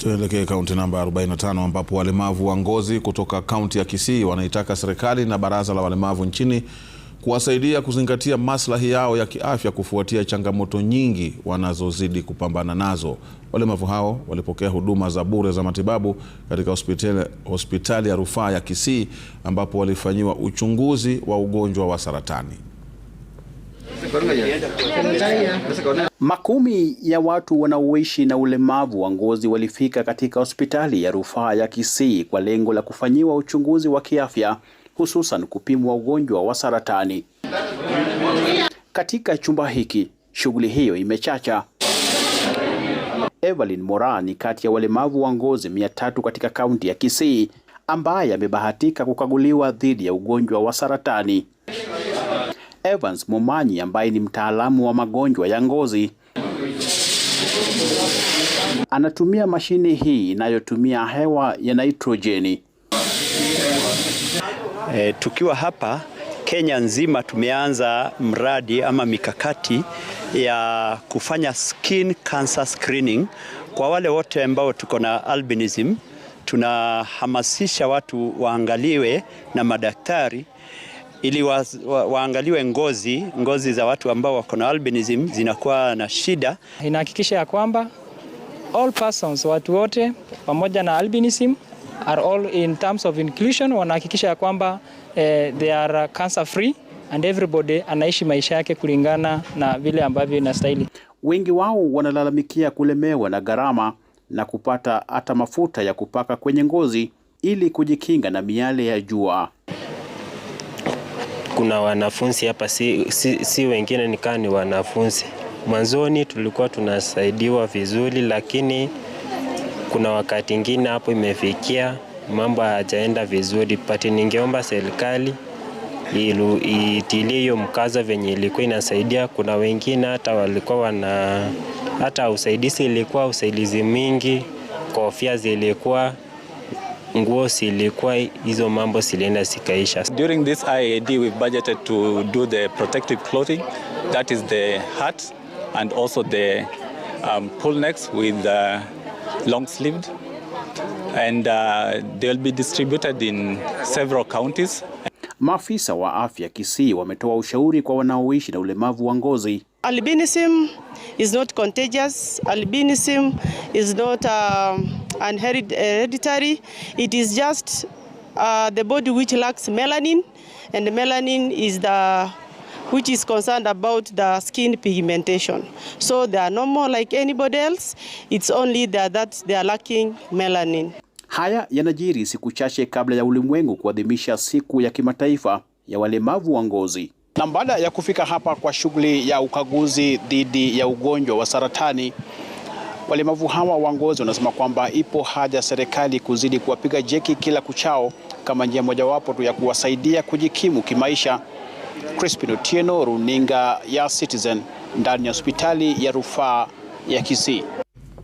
Tuelekee kaunti namba 45 ambapo walemavu wa ngozi kutoka kaunti ya Kisii wanaitaka serikali na baraza la walemavu nchini kuwasaidia kuzingatia maslahi yao ya kiafya kufuatia changamoto nyingi wanazozidi kupambana nazo. Walemavu hao walipokea huduma za bure za matibabu katika hospitali, hospitali ya rufaa ya Kisii ambapo walifanyiwa uchunguzi wa ugonjwa wa saratani. Makumi ya watu wanaoishi na ulemavu wa ngozi walifika katika hospitali ya rufaa ya Kisii kwa lengo la kufanyiwa uchunguzi wa kiafya, hususan kupimwa ugonjwa wa saratani. Katika chumba hiki shughuli hiyo imechacha. Evelyn mora ni kati ya walemavu wa ngozi mia tatu katika kaunti ya Kisii ambaye amebahatika kukaguliwa dhidi ya ugonjwa wa saratani. Evans Momanyi ambaye ni mtaalamu wa magonjwa ya ngozi. Anatumia mashine hii inayotumia hewa ya nitrojeni. E, tukiwa hapa Kenya nzima tumeanza mradi ama mikakati ya kufanya skin cancer screening kwa wale wote ambao tuko na albinism. Tunahamasisha watu waangaliwe na madaktari ili wa, wa, waangaliwe ngozi ngozi za watu ambao wako na albinism zinakuwa na shida. Inahakikisha ya kwamba all persons, watu wote pamoja na albinism are all in terms of inclusion, wanahakikisha ya kwamba eh, they are cancer free and everybody anaishi maisha yake kulingana na vile ambavyo inastahili. Wengi wao wanalalamikia kulemewa na gharama na kupata hata mafuta ya kupaka kwenye ngozi ili kujikinga na miale ya jua kuna wanafunzi hapa si, si, si wengine nikaa ni wanafunzi. Mwanzoni tulikuwa tunasaidiwa vizuri, lakini kuna wakati ingine hapo imefikia mambo hayajaenda vizuri, but ningeomba serikali itilie hiyo mkazo venye ilikuwa inasaidia. Kuna wengine hata walikuwa wana hata usaidizi ilikuwa usaidizi mingi, kofia zilikuwa nguo silikuwa hizo mambo silienda sikaisha. During this IAD we budgeted to do the protective clothing that is the hat and also the um, pull necks with uh, long sleeved and uh, they'll be distributed in several counties. Maafisa wa afya Kisii wametoa ushauri kwa wanaoishi na ulemavu wa ngozi Albinism is not contagious. Albinism is not uh, um, an hereditary. It is just uh, the body which lacks melanin and melanin is the which is concerned about the skin pigmentation. So they are normal like anybody else. It's only that, that they are lacking melanin. Haya yanajiri siku chache kabla ya ulimwengu kuadhimisha siku ya kimataifa ya walemavu wa ngozi. Na baada ya kufika hapa kwa shughuli ya ukaguzi dhidi ya ugonjwa wa saratani, walemavu hawa wa ngozi wanasema kwamba ipo haja serikali kuzidi kuwapiga jeki kila kuchao kama njia mojawapo tu ya kuwasaidia kujikimu kimaisha. Crispin Otieno, runinga ya Citizen, ndani ya hospitali ya rufaa ya Kisii.